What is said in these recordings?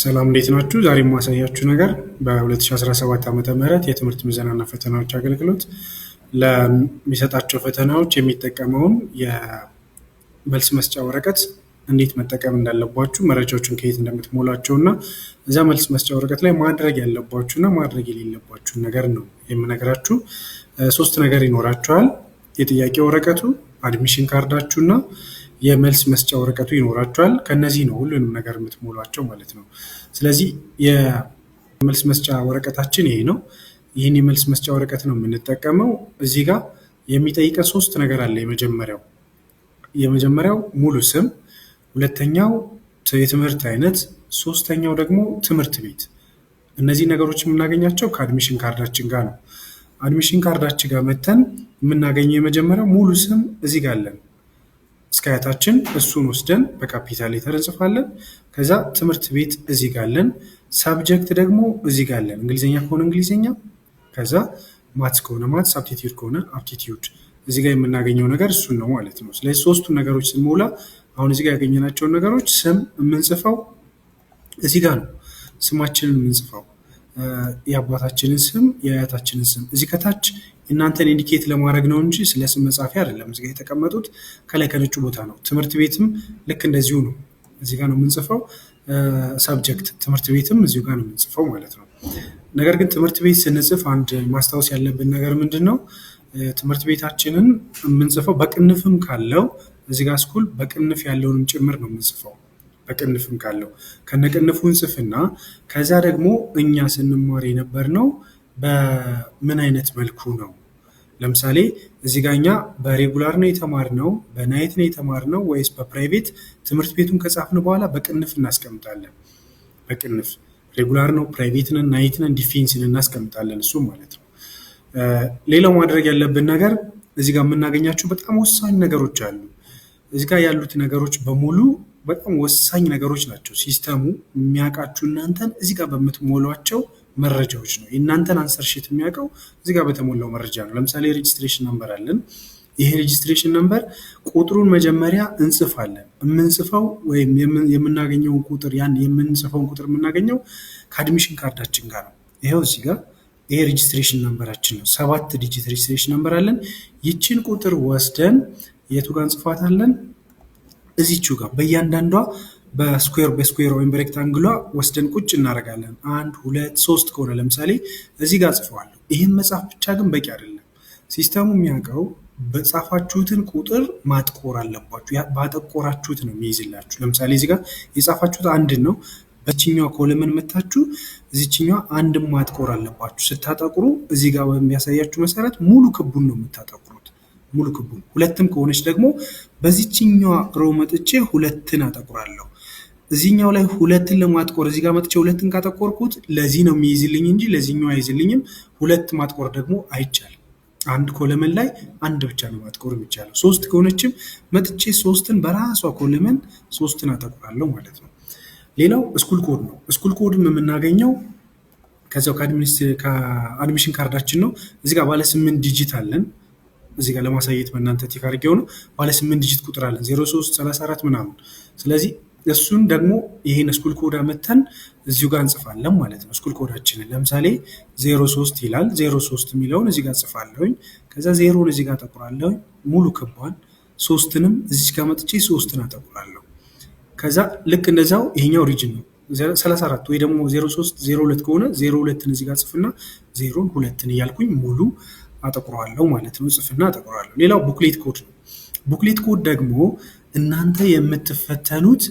ሰላም እንዴት ናችሁ? ዛሬ የማሳያችሁ ነገር በ2017 ዓ ም የትምህርት ምዘናና ፈተናዎች አገልግሎት ለሚሰጣቸው ፈተናዎች የሚጠቀመውን የመልስ መስጫ ወረቀት እንዴት መጠቀም እንዳለባችሁ መረጃዎችን ከየት እንደምትሞላቸው እና እዛ መልስ መስጫ ወረቀት ላይ ማድረግ እና ማድረግ የሌለባችሁን ነገር ነው የምነግራችሁ። ሶስት ነገር ይኖራችኋል። የጥያቄ ወረቀቱ፣ አድሚሽን ካርዳችሁ እና የመልስ መስጫ ወረቀቱ ይኖራቸዋል። ከነዚህ ነው ሁሉንም ነገር የምትሞሏቸው ማለት ነው። ስለዚህ የመልስ መስጫ ወረቀታችን ይሄ ነው። ይህን የመልስ መስጫ ወረቀት ነው የምንጠቀመው። እዚህ ጋር የሚጠይቀን ሶስት ነገር አለ። የመጀመሪያው የመጀመሪያው ሙሉ ስም፣ ሁለተኛው የትምህርት አይነት፣ ሶስተኛው ደግሞ ትምህርት ቤት። እነዚህ ነገሮች የምናገኛቸው ከአድሚሽን ካርዳችን ጋር ነው። አድሚሽን ካርዳችን ጋር መተን የምናገኘው የመጀመሪያው ሙሉ ስም እዚህ ጋር አለን። እስከያታችን እሱን ወስደን በካፒታል ሌተር እንጽፋለን። ከዛ ትምህርት ቤት እዚህ ጋለን፣ ሳብጀክት ደግሞ እዚህ ጋለን። እንግሊዝኛ ከሆነ እንግሊዝኛ፣ ከዛ ማትስ ከሆነ ማትስ፣ አፕቲቲዩድ ከሆነ አፕቲቲዩድ። እዚህ ጋር የምናገኘው ነገር እሱን ነው ማለት ነው። ስለዚህ ሶስቱን ነገሮች ስንሞላ አሁን እዚህ ጋር ያገኘናቸውን ነገሮች ስም የምንጽፈው እዚህ ጋር ነው ስማችንን የምንጽፈው የአባታችንን ስም የአያታችንን ስም እዚህ ከታች እናንተን ኢንዲኬት ለማድረግ ነው እንጂ ስለ ስም መጻፊያ አይደለም። እዚጋ የተቀመጡት ከላይ ከነጩ ቦታ ነው። ትምህርት ቤትም ልክ እንደዚሁ ነው። እዚህ ጋር ነው የምንጽፈው። ሰብጀክት ትምህርት ቤትም እዚሁ ጋር ነው የምንጽፈው ማለት ነው። ነገር ግን ትምህርት ቤት ስንጽፍ አንድ ማስታወስ ያለብን ነገር ምንድን ነው? ትምህርት ቤታችንን የምንጽፈው በቅንፍም ካለው እዚህ ጋር ስኩል በቅንፍ ያለውንም ጭምር ነው የምንጽፈው በቅንፍም ካለው ከነቅንፉ እንጽፍና ከዛ ደግሞ እኛ ስንማር የነበርነው በምን አይነት መልኩ ነው? ለምሳሌ እዚህ ጋ እኛ በሬጉላር ነው የተማርነው፣ በናይት ነው የተማርነው ወይስ በፕራይቬት? ትምህርት ቤቱን ከጻፍን በኋላ በቅንፍ እናስቀምጣለን። በቅንፍ ሬጉላር ነው፣ ፕራይቬትንን፣ ናይትንን፣ ዲፌንስን እናስቀምጣለን። እሱ ማለት ነው። ሌላው ማድረግ ያለብን ነገር እዚህ ጋር የምናገኛቸው በጣም ወሳኝ ነገሮች አሉ። እዚህ ጋር ያሉት ነገሮች በሙሉ በጣም ወሳኝ ነገሮች ናቸው። ሲስተሙ የሚያውቃችሁ እናንተን እዚህ ጋር በምትሞሏቸው መረጃዎች ነው። የእናንተን አንሰርሽት የሚያውቀው እዚህ ጋር በተሞላው መረጃ ነው። ለምሳሌ ሬጅስትሬሽን ነንበር አለን። ይሄ ሬጅስትሬሽን ነንበር ቁጥሩን መጀመሪያ እንጽፋለን። የምንጽፈው ወይም የምናገኘውን ቁጥር ያን የምንጽፈውን ቁጥር የምናገኘው ከአድሚሽን ካርዳችን ጋር ነው። ይኸው እዚህ ጋር ይሄ ሬጅስትሬሽን ነንበራችን ነው። ሰባት ዲጂት ሬጅስትሬሽን ነንበር አለን። ይችን ቁጥር ወስደን የቱ ጋር እንጽፋታለን? እዚቹ ጋር በእያንዳንዷ በስኩዌር በስኩዌር ወይም በሬክታንግሏ ወስደን ቁጭ እናደርጋለን። አንድ ሁለት ሶስት ከሆነ ለምሳሌ እዚህ ጋር ጽፈዋለሁ። ይህን መጽሐፍ ብቻ ግን በቂ አይደለም። ሲስተሙ የሚያውቀው በጻፋችሁትን ቁጥር ማጥቆር አለባችሁ። ባጠቆራችሁት ነው የሚይዝላችሁ። ለምሳሌ እዚህ ጋር የጻፋችሁት አንድን ነው። በችኛዋ ኮለመን መታችሁ እዚችኛዋ አንድ ማጥቆር አለባችሁ። ስታጠቁሩ እዚህ ጋር በሚያሳያችሁ መሰረት ሙሉ ክቡን ነው የምታጠቁሩ። ሙሉ ክቡን። ሁለትም ከሆነች ደግሞ በዚችኛዋ ሮ መጥቼ ሁለትን አጠቁራለሁ። እዚህኛው ላይ ሁለትን ለማጥቆር እዚህ ጋር መጥቼ ሁለትን ካጠቆርኩት ለዚህ ነው የሚይዝልኝ እንጂ ለዚህኛው አይይዝልኝም። ሁለት ማጥቆር ደግሞ አይቻልም። አንድ ኮለመን ላይ አንድ ብቻ ነው ማጥቆር የሚቻለው። ሶስት ከሆነችም መጥቼ ሶስትን በራሷ ኮለመን ሶስትን አጠቁራለሁ ማለት ነው። ሌላው እስኩል ኮድ ነው። እስኩል ኮድም የምናገኘው ከዚያው ከአድሚሽን ካርዳችን ነው። እዚህ ጋር ባለ ስምንት ዲጂት አለን። እዚህ ጋር ለማሳየት በእናንተ ቲክ አድርጌው ነው። ባለ ስምንት ዲጂት ቁጥር አለን 03 ምናምን። ስለዚህ እሱን ደግሞ ይህን ስኩል ኮዳ መተን እዚሁ ጋር እንጽፋለን ማለት ነው። ስኩል ኮዳችንን ለምሳሌ 03 ይላል። 03 የሚለውን እዚህ ጋር ጽፋለሁኝ። ከዛ ዜሮን እዚህ ጋር አጠቁራለሁኝ ሙሉ ክቧን። ሶስትንም እዚህ ጋር መጥቼ ሶስትን አጠቁራለሁ። ከዛ ልክ እንደዛው ይሄኛው ሪጅን ነው 34 ወይ ደግሞ 03 ከሆነ 02ን እዚህ ጋር ጽፍና ዜሮን ሁለትን እያልኩኝ ሙሉ አጠቁረዋለሁ ማለት ነው። ጽፍና አጠቁረዋለሁ። ሌላው ቡክሌት ኮድ ነው። ቡክሌት ኮድ ደግሞ እናንተ የምትፈተኑት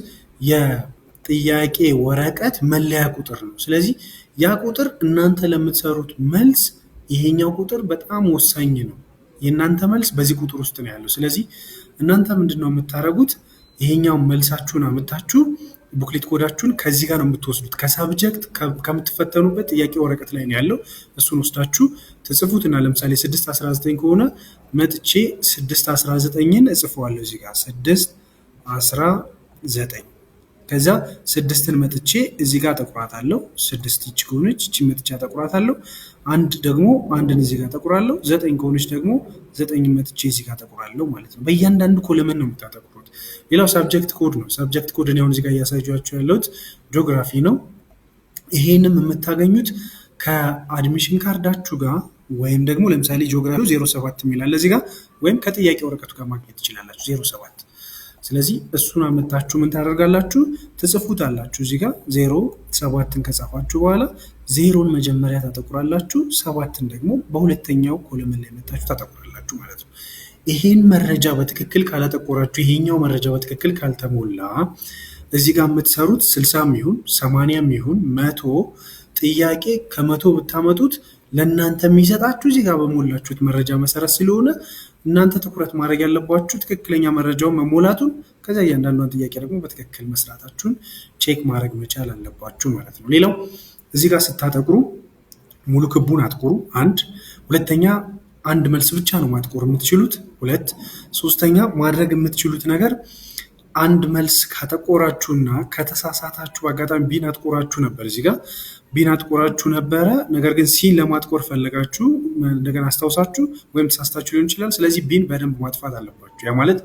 የጥያቄ ወረቀት መለያ ቁጥር ነው። ስለዚህ ያ ቁጥር እናንተ ለምትሰሩት መልስ ይሄኛው ቁጥር በጣም ወሳኝ ነው። የእናንተ መልስ በዚህ ቁጥር ውስጥ ነው ያለው። ስለዚህ እናንተ ምንድን ነው የምታደርጉት? ይሄኛውን መልሳችሁን አምታችሁ ቡክሌት ኮዳችሁን ከዚህ ጋር ነው የምትወስዱት። ከሳብጀክት ከምትፈተኑበት ጥያቄ ወረቀት ላይ ነው ያለው። እሱን ወስዳችሁ ትጽፉትና ለምሳሌ 619 ከሆነ መጥቼ 619ን እጽፈዋለሁ እዚህ ጋር 619 ከዛ ስድስትን መጥቼ እዚህ ጋር ጠቁራታለሁ። ስድስት ይች ከሆነች ይች መጥቻ ጠቁራታለሁ። አንድ ደግሞ አንድን እዚህ ጋር ጠቁራለሁ። ዘጠኝ ከሆነች ደግሞ ዘጠኝ መጥቼ እዚህ ጋር ጠቁራለሁ ማለት ነው። በእያንዳንዱ ኮለመን ነው የምታጠቁሩት። ሌላው ሳብጀክት ኮድ ነው። ሳብጀክት ኮድ እኔ አሁን እዚህ ጋር እያሳያችሁ ያለሁት ጂኦግራፊ ነው። ይሄንም የምታገኙት ከአድሚሽን ካርዳችሁ ጋር ወይም ደግሞ ለምሳሌ ጂኦግራፊ ዜሮ ሰባት የሚላለ እዚህ ጋር ወይም ከጥያቄ ወረቀቱ ጋር ማግኘት ትችላላችሁ ዜሮ ሰባት ስለዚህ እሱን አመታችሁ ምን ታደርጋላችሁ? ትጽፉታላችሁ። እዚህ ጋር ዜሮ ሰባትን ከጻፋችሁ በኋላ ዜሮን መጀመሪያ ታጠቁራላችሁ። ሰባትን ደግሞ በሁለተኛው ኮለምን ላይ መታችሁ ታጠቁራላችሁ ማለት ነው። ይሄን መረጃ በትክክል ካላጠቆራችሁ፣ ይሄኛው መረጃ በትክክል ካልተሞላ እዚህ ጋር የምትሰሩት ስልሳም ይሁን ሰማንያም ይሁን መቶ ጥያቄ ከመቶ ብታመጡት ለእናንተ የሚሰጣችሁ እዚህ ጋር በሞላችሁት መረጃ መሰረት ስለሆነ እናንተ ትኩረት ማድረግ ያለባችሁ ትክክለኛ መረጃውን መሞላቱን ከዚያ እያንዳንዷን ጥያቄ ደግሞ በትክክል መስራታችሁን ቼክ ማድረግ መቻል አለባችሁ ማለት ነው። ሌላው እዚህ ጋር ስታጠቁሩ ሙሉ ክቡን አጥቁሩ። አንድ ሁለተኛ አንድ መልስ ብቻ ነው ማጥቆር የምትችሉት። ሁለት ሶስተኛ ማድረግ የምትችሉት ነገር አንድ መልስ ከተቆራችሁና ከተሳሳታችሁ አጋጣሚ አጥቆራችሁ ነበር እዚህ ጋር አጥቆራችሁ ነበረ። ነገር ግን ሲን ለማጥቆር ፈለጋችሁ እንደገና አስታውሳችሁ ወይም ተሳስታችሁ ሊሆን ይችላል። ስለዚህ ቢን በደንብ ማጥፋት አለባችሁ። ያ ማለት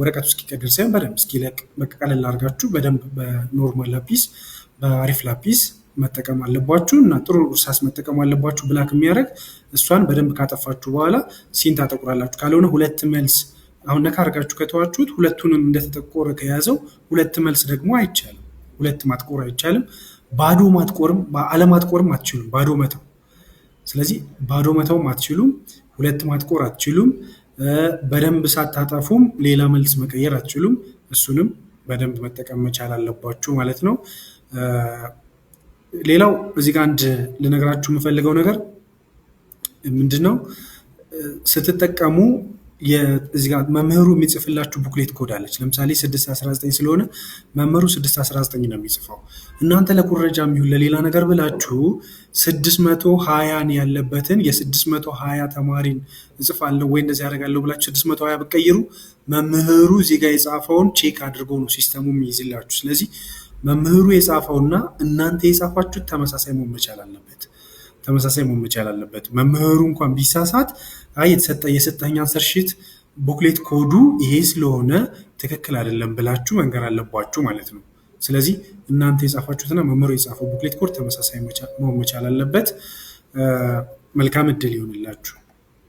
ወረቀቱ እስኪቀድር ሳይሆን በደንብ እስኪለቅ መቀቀለል አድርጋችሁ በደንብ በኖርማል ላፒስ፣ በአሪፍ ላፒስ መጠቀም አለባችሁ እና ጥሩ እርሳስ መጠቀም አለባችሁ። ብላክ የሚያደርግ እሷን በደንብ ካጠፋችሁ በኋላ ሲን ታጠቁራላችሁ። ካልሆነ ሁለት መልስ አሁን ነካ አድርጋችሁ ከተዋችሁት ሁለቱንም እንደተጠቆረ ከያዘው ሁለት መልስ ደግሞ አይቻልም። ሁለት ማጥቆር አይቻልም። ባዶ ማጥቆርም አለማጥቆርም አትችሉም። ባዶ መተው። ስለዚህ ባዶ መተውም አትችሉም። ሁለት ማጥቆር አትችሉም። በደንብ ሳታጠፉም ሌላ መልስ መቀየር አትችሉም። እሱንም በደንብ መጠቀም መቻል አለባችሁ ማለት ነው። ሌላው እዚህ ጋር አንድ ልነግራችሁ የምፈልገው ነገር ምንድን ነው ስትጠቀሙ እዚህ ጋር መምህሩ የሚጽፍላችሁ ቡክሌት ኮድ አለች። ለምሳሌ 619 ስለሆነ መምህሩ 619 ነው የሚጽፈው። እናንተ ለኩረጃ የሚሆን ለሌላ ነገር ብላችሁ 620ን ያለበትን የ620 ተማሪን እጽፋለሁ ወይ እንደዚህ ያደርጋለሁ ብላችሁ 620 ብትቀይሩ መምህሩ እዚህ ጋር የጻፈውን ቼክ አድርጎ ነው ሲስተሙ የሚይዝላችሁ። ስለዚህ መምህሩ የጻፈውና እናንተ የጻፋችሁት ተመሳሳይ መሆን መቻል አለበት። ተመሳሳይ መሆን መቻል አለበት። መምህሩ እንኳን ቢሳሳት አይ የተሰጠ የሰጠኝ አንሰር ሺት ቡክሌት ኮዱ ይሄ ስለሆነ ትክክል አይደለም ብላችሁ መንገር አለባችሁ ማለት ነው። ስለዚህ እናንተ የጻፋችሁትና መምህሩ የጻፈው ቡክሌት ኮድ ተመሳሳይ መሆን መቻል አለበት። መልካም እድል ይሆንላችሁ።